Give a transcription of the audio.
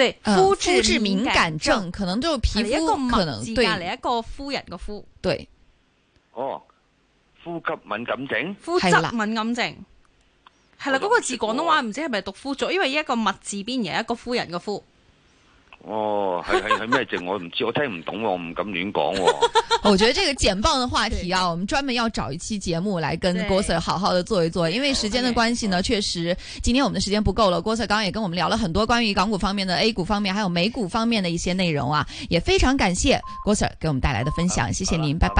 對，膚質敏感症可能就皮膚個物字，可能對嚟一個夫人嘅膚，對，哦，呼吸敏感症，呼吸敏感症，係啦，嗰、那個字廣東話唔知係咪讀膚咗，因為依一個“物”字邊嘅一個夫人嘅膚。哦，係係係咩證？我唔知，我聽唔懂，我唔敢亂講，哦。我覺得這個簡報的話題啊，對我們專門要找一期節目來跟郭 Sir 好好的做一做。對因為時間的關係呢，確好實好今天我們的時間不夠了。郭 Sir 剛剛也跟我們聊了很多關於港股方面的、A 股方面，還有美股方面的一些內容啊，也非常感謝郭 Sir 給我們帶來的分享。好謝謝您，好拜拜。